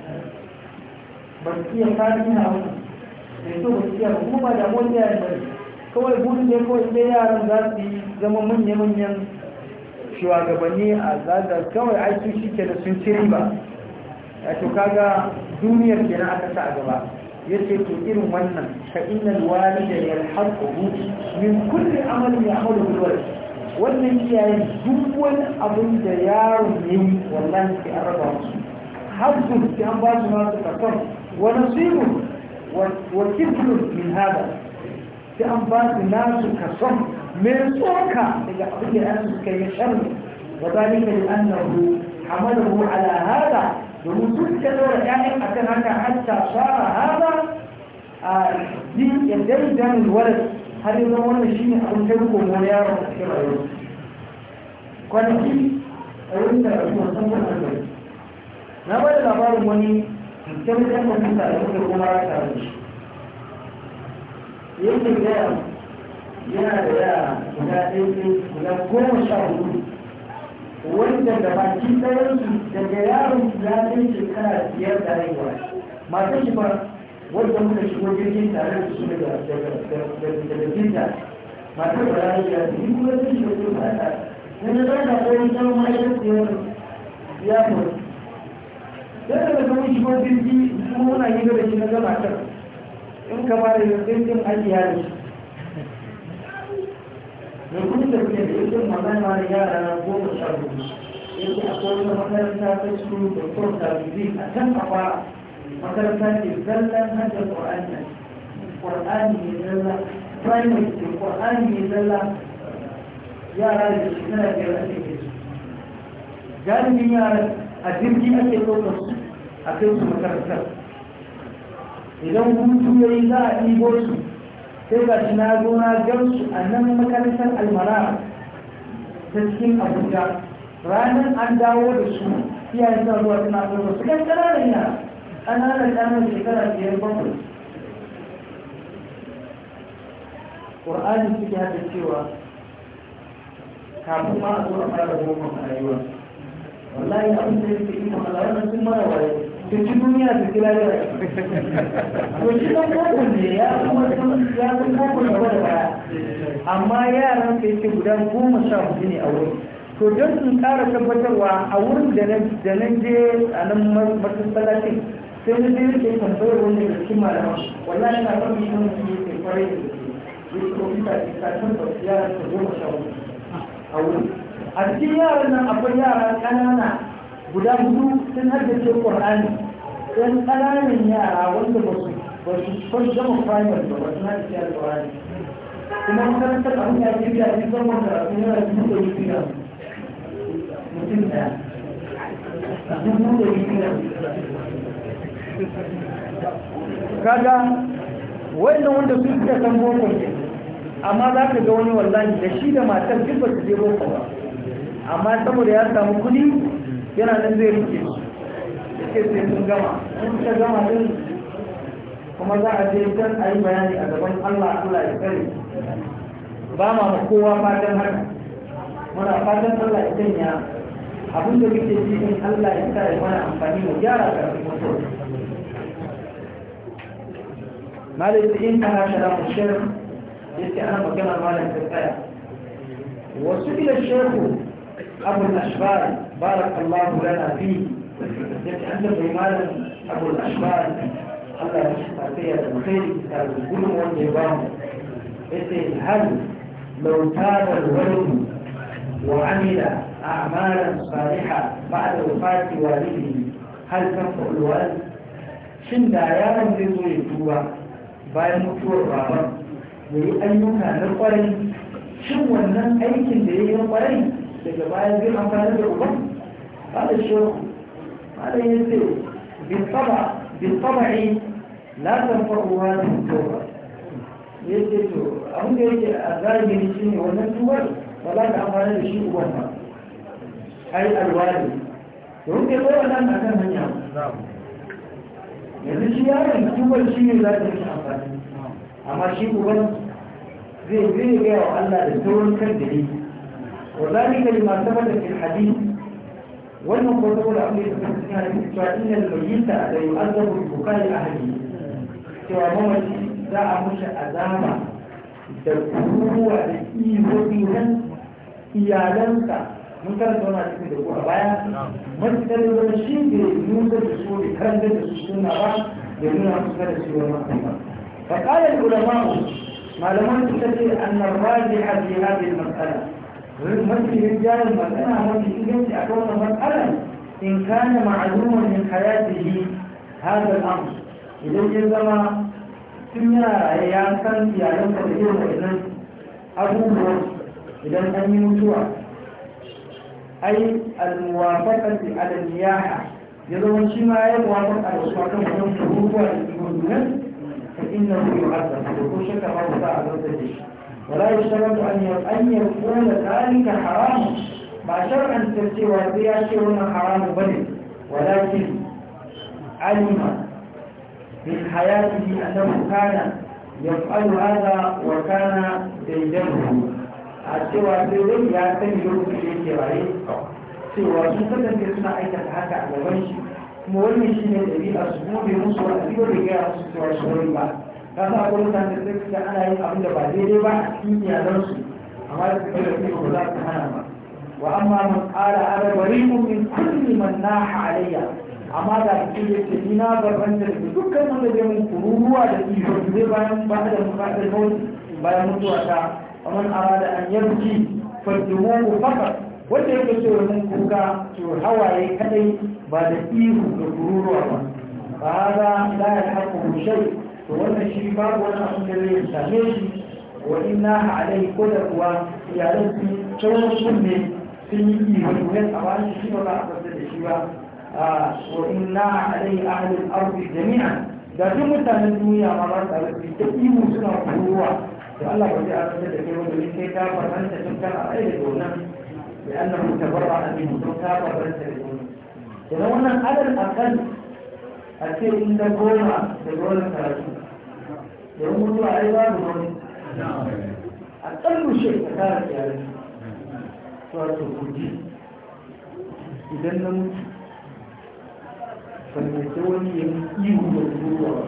ba su iya kari na wani mai so ba su iya kuma ba da wani yaran ba kawai burin da kawai sai yaran za su yi zama manya-manyan shugabanni a zagar kawai aiki shi ke da sun ci ba ya to kaga duniyar na aka sa a gaba ya ce to irin wannan ka innal walida yalhaquhu min kulle amalin ya'malu bil walid wannan iyayen duk wani abin da yaro ne wallahi ke an raba musu har su an ba su ma su ونصيب وكفل من هذا في أنبات الناس كصم من صوكا إذا قضي أنس كي يشر وذلك لأنه حمله على هذا ومسك دور يعني أكن حتى صار هذا دين يدين دم الولد هل يضمن شيء أن تلقوا مليار كما يقول kwanaki a yin da ake wasan wani na bada labarin wani sai mutum da suka da kuma ya same shi yake da yana da yara guda ɗaya guda goma sha hudu wanda da baki ɗayansu daga yaron ya kai shekara biyar da haihuwa matan shi ba wanda muka shigo jirgin tare da su daga jirga matan ba ya yi yi kuma shi shigo jirgin ba ta yanzu za ta kai ita ma ya ya mutu sai daga zama shi ko jirgi mu muna gida da shi na gama can in ka ba da jirgin an yi yare shi mai kuma da ke da yake magana da yara na goma sha hudu yake a kowane makaranta ta su da kwanta bibi a can a fara makaranta ke zallan hajjar ƙwar'ani ƙwar'ani ne zalla primary ke ƙwar'ani ne zalla yara da shekara biyar ake ke su galibin yaran a jirgi ake ɗaukar su a kai su makarantar idan hutu ya yi za a ɗibo su sai ga shi na zo na gan su a nan makarantar almara ta cikin abuja ranar an dawo da su iyayen sa zuwa suna zuwa su kan ƙananan yara ƙananan ƙananan shekara biyar bakwai ƙur'ani suke haka cewa kafin ma a zo a fara goma a rayuwa wallahi abin da yake yi mahala wannan sun mara waye ta ci duniya ta ci lafiya to shi ɗan koko ne ya kuma sun ya sun koko na bada baya amma yaran ka yake guda goma sha hudu ne a wurin to don sun ƙara tabbatarwa a wurin da na je a nan masallacin sai na je ke tambayar wani da cikin malaman wallahi na kan yi nan su yake kwarai da su yi profita da kasan da yaran ka goma sha hudu a wurin a cikin yaran nan akwai yara ƙanana guda hudu sun haddace ƙur'ani ɗan ƙananan yara wanda ba su ba su kwan gama primary ba sun haddace a ƙur'ani kuma makarantar abin ya ake biya ake zama da sun yana dubu da yi fiya mutum ɗaya dubu da yi fiya kaga wannan wanda su suka san boko amma za ka ga wani wallahi da shi da matar duk ba su je boko ba amma saboda ya samu kuɗi yana nan zai rike yake sai sun gama sun ta gama din kuma za a je can a yi bayani a gaban allah allah ya kare ba ma kowa fatan haka muna fatan allah ya sanya abin da muke ji in allah ya kare mana amfani da gyara karfin mutum malai su in ana shara mu shirin yake ana magana malam ta tsaya wasu ila shirin. أبو الأشبال بارك الله لنا فيه أنت بإيمان أبو الأشبال الله يشفى الخير الظلم والنظام هل لو تاب الولد وعمل أعمالا صالحة بعد وفاة والده هل تنفع الولد؟ شن دا يا من زي زي توبة bayan mutuwar baban ya yi ayyuka na daga baya zai amfani da uban kada shehu malam ya ce بالطبعي لا تنفعها ya ce to abin da yake a zahiri shi ne wannan tubar ba za ka amfana da shi uban ba ai alwali domin kai kowa nan a kan hanya yanzu shi yaron tubar shi ne za ta yi amfani amma shi uban zai zai gaya wa Allah da taurin kan da yake وذلك لما ثبت في الحديث والمقدم الأولي في الثاني فإن الميت لا يؤذب ببكاء أهله سوى موت ساعة مش أزامة تكون وعدتي وديها إيادانك مثلا تونا تكون دقوة بايا مثلا ونشين بيوند بسوري كرد بسوشتنا بعض بدون أمسكنا سوى مقدمة فقال العلماء معلومات كثير أن الراجح في هذه المسألة في رجال المسألة وفي جنسي أكون مسألة إن كان معلوما من حياته هذا الأمر إذا جزما سنة أيام كان في أيام كبيرة إذا أبوه إذا كان يموتوا أي الموافقة على النياحة يدوم شما يوافق على الوفاقة من شهور وعلى فإنه يعذب وشك موسى على الوفاقة ولا يشترط أن يكون ذلك حراما ما شرعا تسوى بياشرون حرام بني ولكن علم من حياته أنه كان يفعل هذا وكان ديدنه السوى بيدن يعتني يوم في رأيه سوى أن تسمع أي تتحكى على وجهه مولي شيء يدري أصبوه بمصر أبي ورقاء أصبوه شعور بعد ka sa kullum ta da suka ana yin abin da ba daidai ba a cikin su amma da suka da kuma za su hana ba wa amma man qala ana bari'un min kulli man naha alayya amma da cikin yake ni na barbanta da dukkan wanda zai mun kururuwa da ihu zai bayan ba da mukatar mawuti bayan mutuwa ta ومن أراد أن يبكي فالدموع فقط wanda yake so mun kuka to hawaye kadai ba da ihu da kururuwa ba ba za la yahqu shay to wannan shi babu wani abin da zai same shi wa inna alai ko da kuwa iyalan su tsohon ne sun yi iya wani a bayan shi ba za a fasa da shi ba wa inna alai ahalin arzi jami'a da duk mutanen duniya ma ba su rufi da ihu suna kuruwa to Allah ba zai arasa da kai wanda kai ta faranta tun kana ai da donan da annahu tabarra min tun ta faranta da donan to wannan adal akan a ce inda goma da goma karatu don mutuwa ai ba mu wani a ƙarfi shi ka kara iyalai wato kuji idan na mutu wani ya yi ihu da zuwa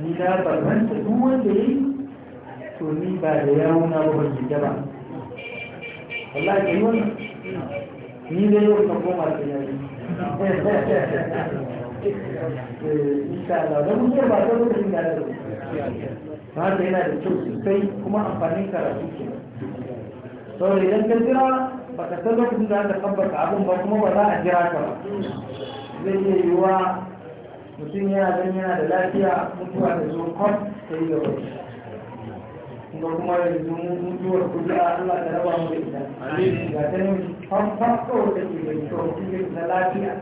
ni na barbanta duk wanda ya yi to ni ba da yawon na ban gida ba wallahi ka yi wannan ni da yau ka koma ta yari insha Allah don mutum ba ta lokacin da ya ba haka yana da kyau sosai kuma amfanin karatu ke saboda idan ka jira ba ka san lokacin da aka tabbata abin ba kuma ba za a jira ka ba zai iya yiwuwa mutum yana ganin yana da lafiya mutuwa da zo kwan ta yi gaba kuma kuma yanzu mutuwar kudi a Allah ta raba mu da ita ga ta ne fanfan da ke da kyau cikin da lafiya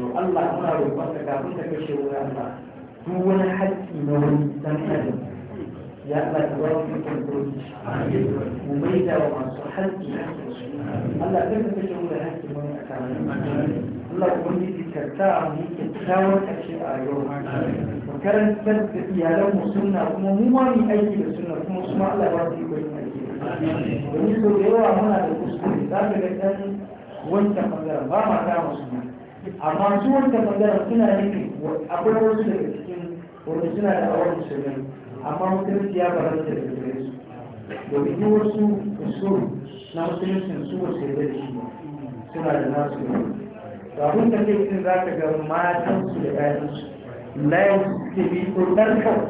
to Allah muna roƙonka kafin ka kashe wani Allah duk wani haƙƙi na wani dan adam ya Allah ta wani mutum doki mu mai da masu haƙƙi Allah kai ka kashe wani haƙƙi wani a kanin Allah kuma yi karta mu yi kyakkyawar ƙarshe a yau mu karantar da iyalan mu sunna kuma mu ma mu aiki da sunna kuma su ma Allah ba su yi koyi aiki domin sau da yawa muna da kuskure za ka ga ɗan wancan ɓangaren ba ma ta musulmi amma su wanda bangaren suna nufin akwai wasu daga cikin wanda suna da awar musulmi amma musulunci ya faru da gare su domin yi wasu usul na musulunci su wasu yadda da shi suna da nasu ne to abin da ke cikin za ka ga matansu da ɗayansu layan ke bi ko ɗarkar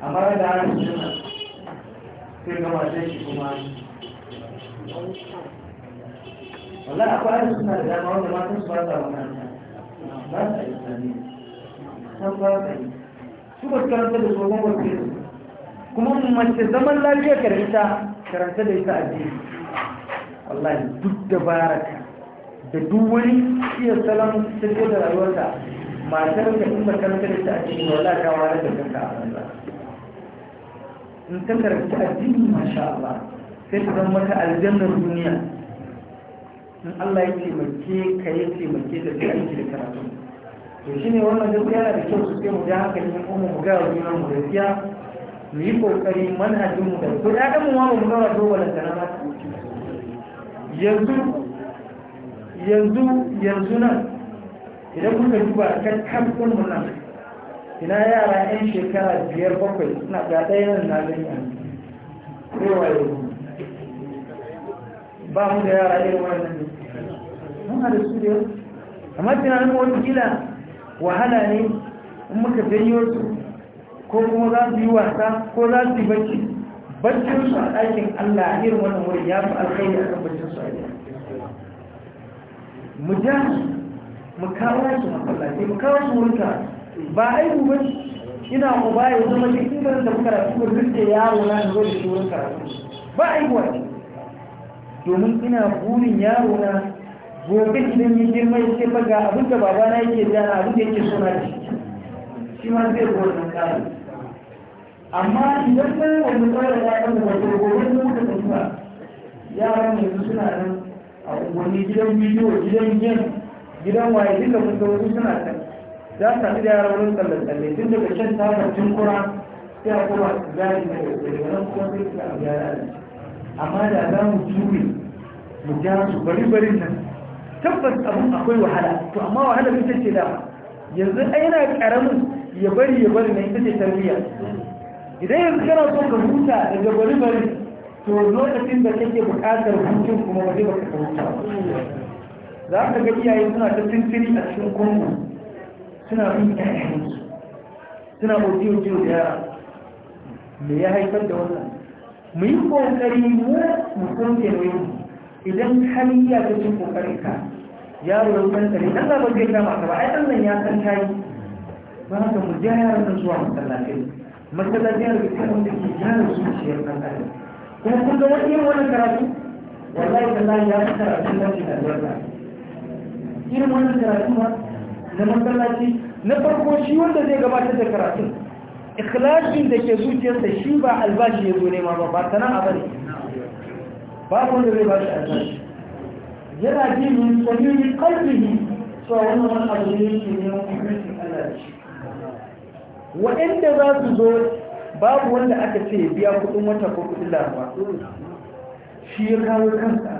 amma da hannun suna sai gama shi kuma wallahi akwai aiki suna da dama wanda matan su ba sa makaranta ba sa islamiyya san ba sa yi su ba su karanta da tsohon wasu kuma mace zaman lafiya karanta karanta da ita addini wallahi duk da baraka da duk wani iya salon sirko da rayuwarta matar da in karanta da ita addini wallahi ta wani da kanka a banza in ta karanta addini masha Allah sai ta zama maka aljannar duniya in Allah ya taimake ka ya taimake da zai aiki da karatu to ne wannan gaskiya yana da kyau su ce mu ga haka ne kuma mu ga juna mu gaskiya mu yi kokari manhajin mu da ko da mu ma mu ga wato da kana yanzu yanzu yanzu nan idan kuka duba kan kafin mu nan ina yara yan shekara biyar bakwai suna ga ɗaya nan na gani kowa yau ba mu da yara irin wannan muna da su da yau amma tunanin wani gila wahala ne in muka janyo su ko kuma za su yi wasa ko za su yi bacci baccin su a ɗakin allah irin wannan wurin ya fi alkhairi akan baccin su a gida mu ja mu kawo su masallaci mu kawo su wurin ba aibu ba ina ku ba ya zama duk inda da muka rasu ba duk da yaro na zo da shi wurin karatu ba aibu ba domin ina burin yaro na gobe idan yi girma ya ce faga abin da baba na yake da abin da yake suna da shi ma zai zo da tsari amma idan ka yi wani tsara ya kan da wato gobe ne ka tafiya yaran yanzu suna nan a wani gidan bidiyo gidan yin gidan waye duka mun ga wasu suna kan za su haɗu da yaran wurin tsalle-tsalle tun daga shan tabar kura sai a kuma zaɓi na da tsere wani kuma sai su a gyara amma da za mu jure mu ja su bari bari nan tabbas abin akwai wahala to amma wahala ita ce da yanzu ai yana karamin ya bari ya bari na ita ce tarbiyya idan yanzu kana so ka huta daga bari bari to lokacin da kake buƙatar hutun kuma ba baka ka huta za ka ga iyaye suna ta tintiri a cikin kungu suna bin ƴaƴansu suna ojiyo jiyo da yara me ya haifar da wannan mu yi ƙoƙari mu mu san ke mu idan har iya ta cin kokarin ka yaro ya san ta ne dan ba zai kama ka ba ai dan ya san kai ba haka mu ja yaran nan zuwa masallacin masallacin ya rubuta wanda ke gyara zuciyar dan adam kuma kun ga wani wani karatu wallahi tallahi ya fi karatu na shi albarka irin wani karatu ma na masallaci na farko shi wanda zai gabatar da karatun ikhlasin da ke zuciyarsa shi ba albashi ya zo nema ba ba sana'a bane babu wanda zai ba shi albashi yana ji min tsamiri kalbihi cewa wannan wani abu ne yake neman hukuncin Allah da waɗanda za su zo babu wanda aka ce biya kuɗin wata ko kuɗin laraba shi ya kawo kansa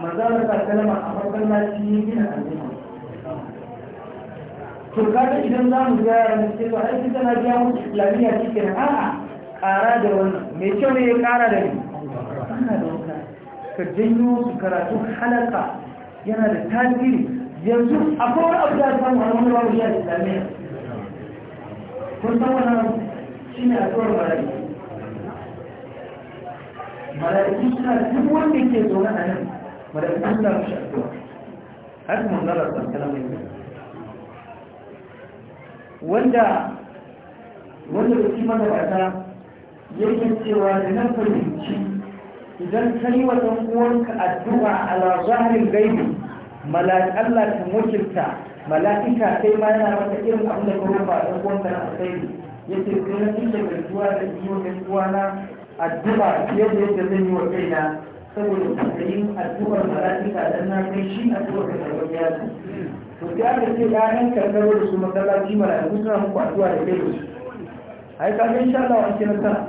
maza da sa kalma a farkon lati ya gina al'umma to kaga idan za mu gyara mu ce to aiki tana biya mu islamiyya cikin a'a ƙara da wannan mai kyau ne ya ƙara da ni ka janyo su karatun halaka yana da tasiri yanzu akwai wani abu da samu a wani babu ya islamiyya kun san nan shi ne a tsohon marayi marayi suna duk wanda ke zaune a nan marayi suna rushe a tsohon har mun zara tsakana mai wanda wanda da kima da bata yake cewa da na fahimci idan ka yi wa ɗan uwanka addu'a a zahirin gaibi Allah ta mukinta mala'ika sai ma yana mata irin abin da ka rufa ɗan uwanka na ya yace sai na tuke zuwa da yi wa na uwana addu'a fiye da yadda zan yi wa kaina saboda tsayin addu'ar mala'ika dan na kai shi addu'ar ka karɓar yaro to sai aka ce ƴaƴan karɓar da su masallaci mala'iku suna muku addu'a da kai da su ai ka ga insha Allah wani nasara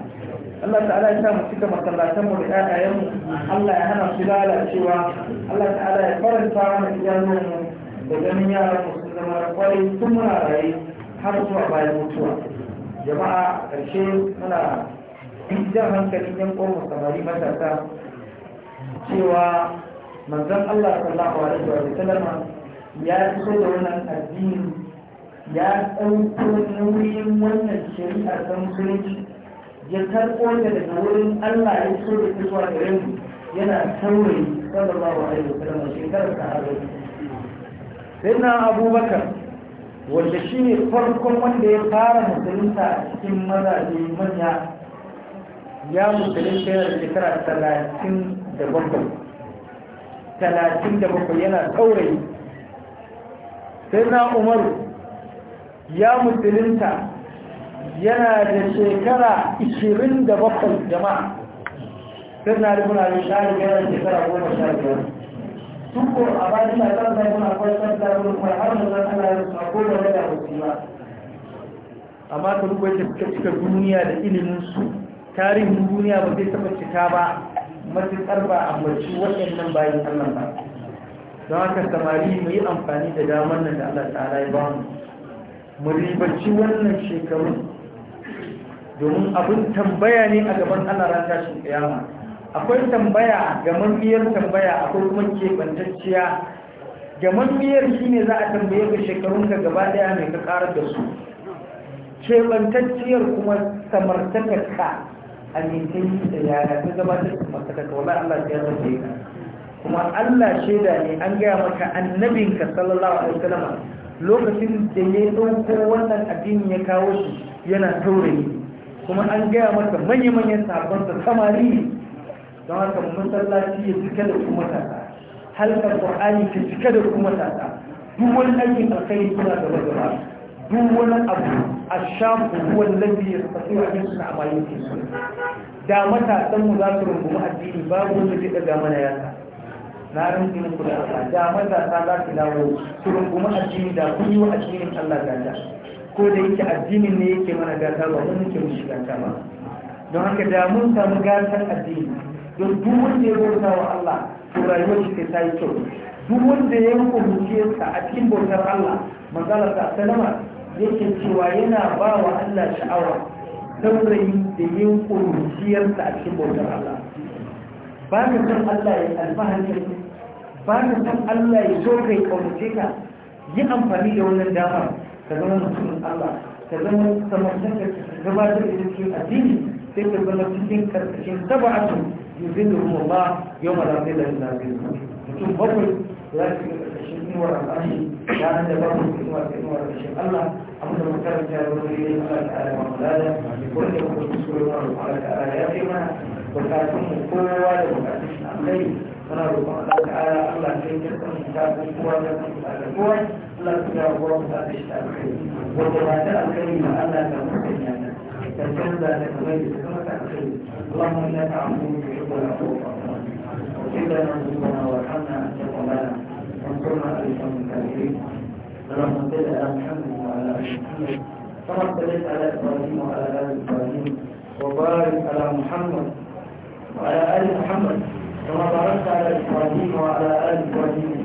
Allah ta'ala ya sa mu cika masallatan mu da ƴaƴayen mu Allah ya hana su lalacewa Allah ta'ala ya faranta mana iyalan mu da ganin yaran mu sun zama kwarai tun muna raye har zuwa bayan mutuwa jama'a ƙarshe muna jan hankali yan mu samari matasa cewa manzon Allah sallallahu alaihi wa sallam ya fito da wannan addini ya ɗauko nauyin wannan shari'ar don musulunci ya karɓo ta daga wurin Allah ya so da zuwa gare mu yana saurayi sallallahu alaihi wasallam shekarar sahaba sai na abubakar wanda shi ne farkon wanda ya fara musulunta a cikin mazaje manya ya musulunta yana da shekara talatin da bakwai talatin da bakwai yana saurayi sai na umaru ya musulunta yana da shekara 27 jama'a sai na rikuna da shari yana shekara 15 tuko a bayan shakar da yana kwasar da kuma har da zan ana yin sako da daga musulma amma ta rukwai yake suka cika duniya da iliminsu tarihin duniya ba zai taɓa cika ba matuƙar ba a mace waɗannan bayan allah ba don haka samari mu yi amfani da damar nan da allah ta'ala ya ba mu mu ribarci wannan shekaru. domin abin tambaya ne a gaban Allah ran tashin kiyama akwai tambaya ga mambiyar tambaya akwai kuma kebantacciya. ga mambiyar shine za a tambaye ka shekarunka gaba daya mai ka karar da su kebantacciyar kuma ka a mintin da yaya ta gabatar da ka wala Allah ya tambaye ka kuma Allah shaida ne an gaya maka annabinka sallallahu alaihi wasallam lokacin da ya ɗauko wannan addini ya kawo shi yana taurayi kuma an gaya masa manya-manyan da samari don haka masallaci ya cika da kuma tata halkar ƙwa'ani ta cika da kuma tata duk wani a alkhairi suna da wajaba duk wani abu a shafin ruwan lafi ya tafi a cikin suna amalin ke su da mu za su rungumi addini babu wanda zai ɗaga mana yasa na rinsu muku da da matasa za su dawo su rungumi addini da kun yi wa addinin allah gada ko da yake addinin ne yake mana gata ba wani muke mushi ta ba don haka da mun samu gatan addini don duk wanda ya bauta wa Allah to rayuwar shi ta yi kyau duk wanda ya rubuce sa a cikin bautar Allah manzala ta salama yake cewa yana ba wa Allah sha'awa saurayi da yin sa a cikin bautar Allah ba ka san Allah ya alfahari ba ka san Allah ya so kai kaunace yi amfani da wannan damar ka zama mutumin Allah ka zama samartaka gabatar da cikin addini sai ka zama cikin karkashin saba'atu yuzilu Allah yau ma da zai da zai mutum bakwai za su yi karkashin inuwar al'ashi ya an da bakwai inuwar inuwar karkashin Allah abin da makaranta ya zama yi Allah ta ala mamalada wanda kuma kusurin Allah ta ala ya fi mana bukatun kowa da bukatun shi a kai muna roƙon Allah ta ala Allah ta yi karkashin ta kowa da kowa لك وربها بالتأخير وجواتا الكريمة ألا تنفقني أنا تتنبى لك غير ذكرك الخير اللهم إنك عفو تحب العفو وكلنا نصيبنا وارحمنا أنت مولانا وانصرنا على القوم الكافرين اللهم صل على محمد وعلى آل محمد كما صليت على إبراهيم وعلى آل إبراهيم وبارك على محمد وعلى آل محمد كما باركت على إبراهيم وعلى آل إبراهيم